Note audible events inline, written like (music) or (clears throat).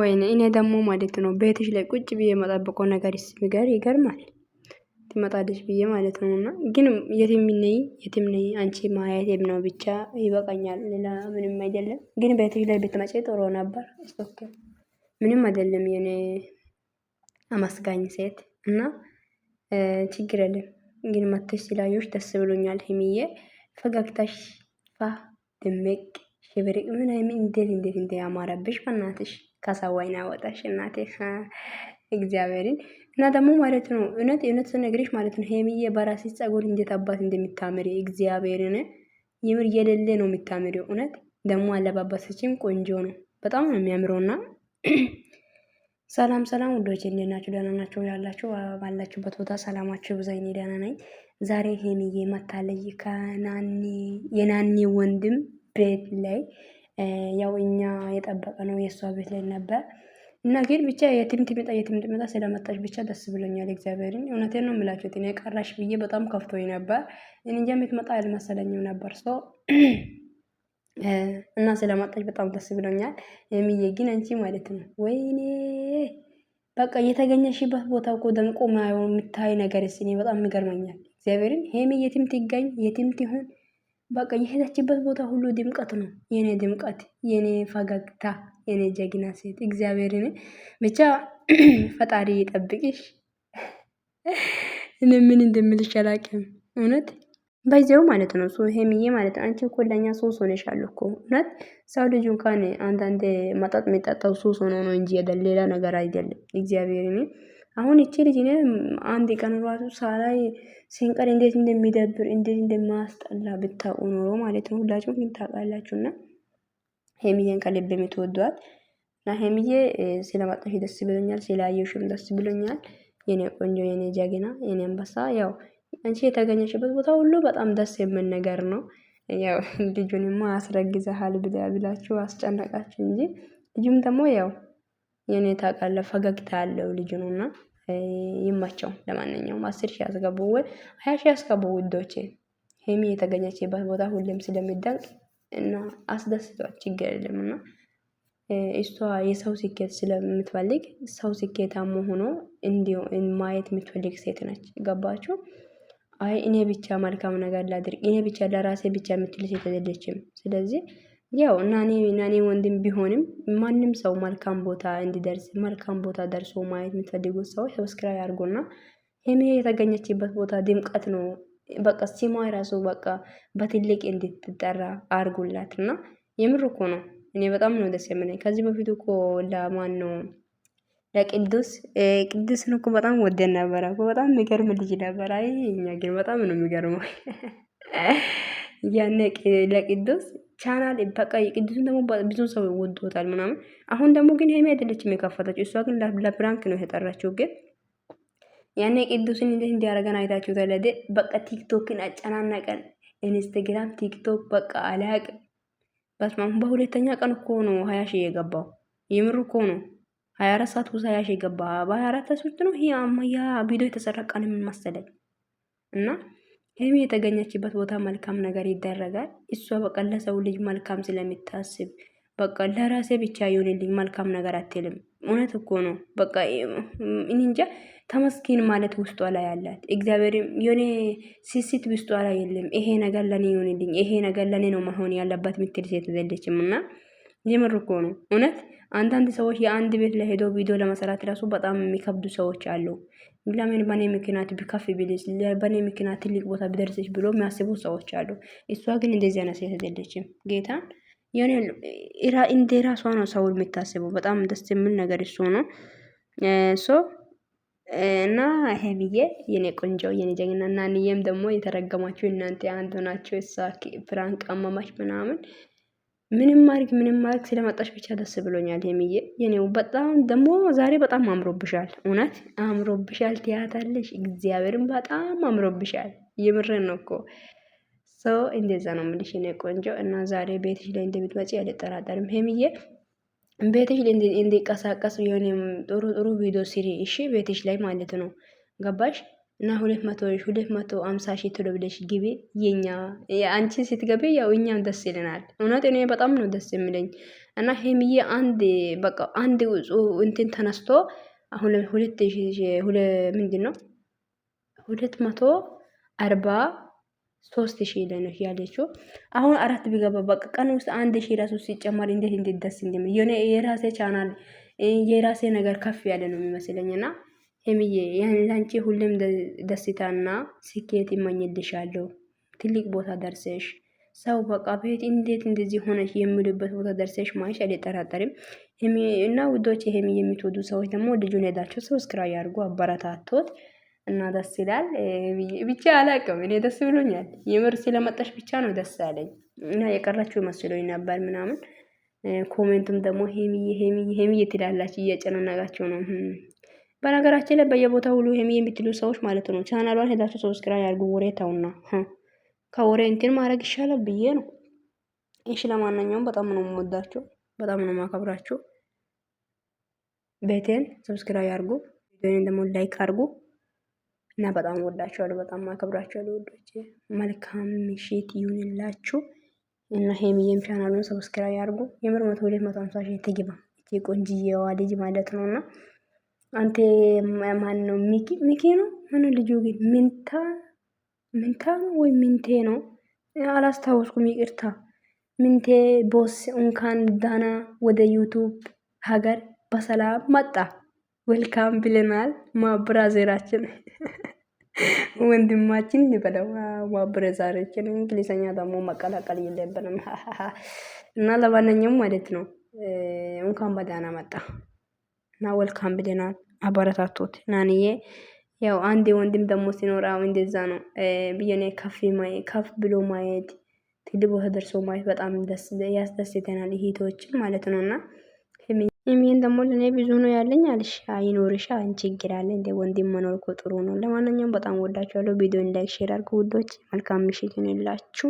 ወይኔ እኔ ደግሞ ማለት ነው ቤትሽ ላይ ቁጭ ብዬ መጠበቀው ነገር ስሚገር ይገርማል። ትመጣለች ብዬ ማለት ነው። እና ግን የትም ነይ የትም ነይ አንቺ ማየት ነው ብቻ ይበቃኛል፣ ሌላ ምንም አይደለም። ግን ቤትሽ ላይ ብትመጪ ጥሩ ነበር። ስቶክ ምንም አይደለም። የኔ አመስጋኝ ሴት እና ችግር የለም። ግን መተሽ ስላየሁሽ ደስ ብሎኛል። ሄሚዬ ፈገግታሽ ፋ ድምቅ ሽብሪ ምን አይምን እንዴት እንዴት እንዴ ያማረብሽ በእናትሽ ከሰዋይና ወጣሽ እናቴ እግዚአብሔርን እና ደግሞ ማለት ነው እውነት እውነት ስነግርሽ ማለት ነው ሄሚዬ በራሴ ጸጉር እንዴት አባት እንደሚታምሪ እግዚአብሔርን የምር የሌለ ነው የሚታምሪው። እውነት ደግሞ አለባበሰችም ቆንጆ ነው፣ በጣም ነው የሚያምረውና ሰላም ሰላም ውዶች እንዴት ናችሁ? ደህና ናችሁ? ያላችሁ ባላችሁበት ቦታ ሰላማችሁ ብዛ። እኔ ደህና ነኝ። ዛሬ ሄሚዬ መታለይ ከናኒ የናኒ ወንድም ቤት ላይ ያው እኛ የጠበቀ ነው የእሷ ቤት ላይ ነበር እና ግን ብቻ የትምትምጣ የትምትምጣ ስለመጣች ብቻ ደስ ብሎኛል። እግዚአብሔርን እውነቴን ነው የምላችሁት። ጤና የቀራሽ ብዬ በጣም ከፍቶኝ ነበር። እኔ እንጃ የምትመጣ አልመሰለኝም ነበር ሰው (clears throat) እና ስለመጣች በጣም ደስ ብሎኛል። የሚዬ ግን አንቺ ማለት ነው ወይኔ በቃ እየተገኘሽበት ቦታ እኮ ደምቆ የምታይ ነገር ስኔ በጣም ይገርመኛል። እግዚአብሔርን ሄሜ የትም ትገኝ የትም ትሁን በቃ የሄደችበት ቦታ ሁሉ ድምቀት ነው። የኔ ድምቀት፣ የኔ ፈገግታ፣ የኔ ጀግና ሴት እግዚአብሔርን ብቻ (clears throat) ፈጣሪ ይጠብቅሽ። እኔ ምን እንደምልሽ አላቅም። እውነት በዚያው ማለት ነው። ሶ ሄምዬ ማለት ነው አንቺ እኮ ለኛ ሶስ ሆነሻል እኮ እውነት። ሰው ልጅ እንኳን አንዳንዴ መጠጥ የሚጠጣው ሶስ ሆኖ ነው እንጂ ሌላ ነገር አይደለም። እግዚአብሔርን አሁን እቺ ልጅ እኔ አንድ ቀን ራሱ ሳላይ ሲንቀር እንዴት እንደሚደብር እንዴት እንደማያስጠላ ብታውቁ ኖሮ ማለት ነው። ሁላችሁ ግን ታውቃላችሁና ሄሚዬን ከልብ የምትወዷት እና ሄሚዬ ስለማጣሽ ደስ ብሎኛል፣ ስላየሽም ደስ ብሎኛል። የኔ ቆንጆ፣ የኔ ጀግና፣ የኔ አንበሳ፣ ያው አንቺ የተገኘሽበት ቦታ ሁሉ በጣም ደስ የምን ነገር ነው። ያው ልጁንማ አስረግዘሃል ብላችሁ አስጨነቃችሁ እንጂ ልጁም ደግሞ ያው የኔ ታውቃለህ ፈገግታ ያለው ልጅ ነውና ይማቸው። ለማንኛውም አስር ሺ ያስገቡ ወይ ሀያ ሺ ያስገቡ ውዶቼ። ሄሚ የተገኘችበት ቦታ ሁሌም ስለሚደንቅ እና አስደስቷ ችግር የለም እና እሷ የሰው ስኬት ስለምትፈልግ ሰው ስኬታማ ሆኖ እንዲሁ ማየት የምትፈልግ ሴት ነች። ገባችሁ? አይ እኔ ብቻ መልካም ነገር ላድርግ፣ እኔ ብቻ ለራሴ ብቻ የምትል ሴት አይደለችም። ስለዚህ ያው ናኔ ናኔ ወንድም ቢሆንም ማንም ሰው መልካም ቦታ እንዲደርስ መልካም ቦታ ደርሶ ማየት የሚፈልጉት ሰዎች ሰብስክራይብ አድርጎና ሄሜ የተገኘችበት ቦታ ድምቀት ነው። በቃ ሲማ ራሱ በቃ በትልቅ እንድትጠራ አድርጉላት እና የምር እኮ ነው። እኔ በጣም ነው ደስ የምለኝ። ከዚህ በፊት እኮ ለማን ነው ለቅዱስ ቅዱስን እኮ በጣም ወደን ነበረ እኮ በጣም የሚገርም ልጅ ነበረ። አይ እኛ ግን በጣም ነው የሚገርመው (laughs) ያኔ ለቅዱስ ቻናል በቃ የቅዱስን ደግሞ ብዙ ሰው ወዶታል ምናምን። አሁን ደግሞ ግን ሄሜ አይደለችም የከፈተችው፣ እሷ ግን ለብራንክ ነው የተጠራችው። ግን ያኔ ቅዱስን እንዴት እንዲያደርገን አይታችሁ ተለደ በቃ ቲክቶክን አጨናነቀን። ኢንስታግራም፣ ቲክቶክ በቃ አላቅ በስማም። በሁለተኛ ቀን እኮ ነው ሀያ ሺ የገባው የምር እኮ ነው። ሀያ አራት ሰዓት ውስጥ ሀያ ሺ ገባ። በሀያ አራት ሰዓት ውስጥ ነው ይሄ አማያ ቪዲዮ የተሰራ ቀን ምን እና ሄሚ የተገኘችበት ቦታ መልካም ነገር ይደረጋል። እሷ በቃ ለሰው ልጅ መልካም ስለሚታስብ በቃ ለራሴ ብቻ ይሁንልኝ መልካም ነገር አትልም። እውነት እኮ ነው። በቃ እንጃ ተመስኪን ማለት ውስጧ ላይ አላት። እግዚአብሔር የሆነ ሲሲት ውስጧ ላይ የለም። ይሄ ነገር ለኔ ይሁንልኝ፣ ይሄ ነገር ለኔ ነው መሆን ያለበት ምትል ሴት ዘለችም እና የምር እኮ ነው እውነት። አንዳንድ ሰዎች የአንድ ቤት ለሄዶ ቪዲዮ ለመሰራት ራሱ በጣም የሚከብዱ ሰዎች አሉ። ለምን በኔ ምክንያት ቢከፍ ቢልስ፣ በኔ ምክንያት ትልቅ ቦታ ቢደርስች ብሎ የሚያስቡ ሰዎች አሉ። እሷ ግን እንደዚህ አይነት ሴት አይደለችም። ጌታ የሆነ እንደ ራሷ ነው ሰው የሚታስበው። በጣም ደስ የሚል ነገር እሱ ነው ሶ እና ይሄ ብዬ የኔ ቆንጆ የኔ ጀግና እና እኔም ደግሞ የተረገማችሁ እናንተ አንዱ ናቸው። እሷ ፍራንክ አማማች ምናምን ምንም አርግ ምንም አርግ ስለመጣሽ ብቻ ደስ ብሎኛል። ሄምዬ የኔው በጣም ደግሞ ዛሬ በጣም አምሮብሻል። እውነት አምሮብሻል። ትያታለሽ እግዚአብሔርን በጣም አምሮብሻል። የምርን ነው እኮ ሰው እንደዛ ነው ምልሽ የኔ ቆንጆ። እና ዛሬ ቤትሽ ላይ እንደምትመጪ አልጠራጠርም ሄምዬ። ቤትሽ ላይ እንዲቀሳቀስ የሆነ ጥሩ ጥሩ ቪዲዮ ስሪ እሺ፣ ቤትሽ ላይ ማለት ነው ገባሽ? እና ሁለት መቶ ሁለት መቶ አምሳ ሺህ ቶሎ ብለሽ ግቢ። የኛ አንቺ ስትገቢ ያው እኛም ደስ ይለናል። እውነት እኔ በጣም ነው ደስ የሚለኝ። እና ሄምዬ አንድ በቃ አንድ እንትን ተነስቶ አሁን ሁለት ምንድን ነው ሁለት መቶ አርባ ሶስት ሺህ ላይ ነው ያለችው። አሁን አራት ቢገባ በቃ ቀን ውስጥ አንድ ሺህ ራሱ ሲጨመር እንዴት እንዴት ደስ እንደሚል የራሴ ቻናል የራሴ ነገር ከፍ ያለ ነው የሚመስለኝ እና ሄምዬ ለአንቺ ሁሌም ደስታና ስኬት ይመኝልሻለሁ። ትልቅ ቦታ ደርሰሽ ሰው በቃ ቤት እንዴት እንደዚህ ሆነሽ የሚሉበት ቦታ ደርሰሽ ማየሽ አልጠራጠርም። እና ውዶች ይሄም የምትወዱ ሰዎች ደግሞ ልጁን ሄዳችሁ ሰብስክራይብ ያድርጉ፣ አበረታቶት እና ደስ ይላል። ብቻ አላቅም እኔ ደስ ብሎኛል። የምር ስለመጣሽ ብቻ ነው ደስ ያለኝ እና የቀራችሁ መስሎኝ ነበር ምናምን። ኮሜንቱም ደግሞ ሄሚዬ ሄሚዬ ሄሚዬ ትላላችሁ እያጨናነቃችሁ ነው። በነገራችን ላይ በየቦታው ሁሉ ይሄም የምትሉ ሰዎች ማለት ነው፣ ቻናሏን ሄዳችሁ ሰብስክራይብ ያርጉ። ወሬ ተውና ከወሬ እንትን ማድረግ ይሻላል ብዬ ነው። እሺ ለማንኛውም በጣም ነው የምወዳችሁ፣ በጣም ነው የማከብራችሁ። ቤቴን ሰብስክራይብ ያርጉ፣ ቪዲዮን ደግሞ ላይክ አርጉ። እና በጣም ወዳችኋለሁ፣ በጣም ማከብራችኋለሁ። ወዶቼ መልካም ምሽት ይሁንላችሁ እና ሄሚዬም ቻናሉን ሰብስክራይብ ያርጉ። የምር መቶ ሁለት መቶ ሀምሳ ሺህ ትግባ ቆንጅዬዋ ልጅ ማለት ነው እና አንተ ማን ነው? ሚኪ ሚኪ ነው። ምን ልጁ ግን ምንታ ምንታ ነው ወይ ምንቴ ነው? አላስታወስኩም፣ ይቅርታ። ምንቴ ቦስ እንኳን ዳና ወደ ዩቱብ ሀገር በሰላም መጣ። ወልካም ብለናል። ማብራዘራችን (laughs) ወንድማችን በለው ማብራዘራችን። እንግሊዝኛ ደግሞ መቀላቀል የለብንም (laughs) እና ለማንኛውም ማለት ነው እንኳን በዳና መጣ። እና ወልካም ብለናል። አበረታቶት ናንዬ ያው አንድ ወንድም ደግሞ ሲኖር አሁን እንደዛ ነው ብየኔ ከፍ ከፍ ብሎ ማየት ትልቅ ቦታ ደርሶ ማየት በጣም ያስደስተናል። ይሄቶችን ማለት ነው እና ይህን ደግሞ ለእኔ ብዙ ነው ያለኝ አልሽ አይኖርሽ ችግር አለ እንደ ወንድም መኖር እኮ ጥሩ ነው። ለማንኛውም በጣም ወዳቸዋለሁ። ቪዲዮ እንዳይሽር አርጉ ውዶች። መልካም ምሽት ይሁንላችሁ።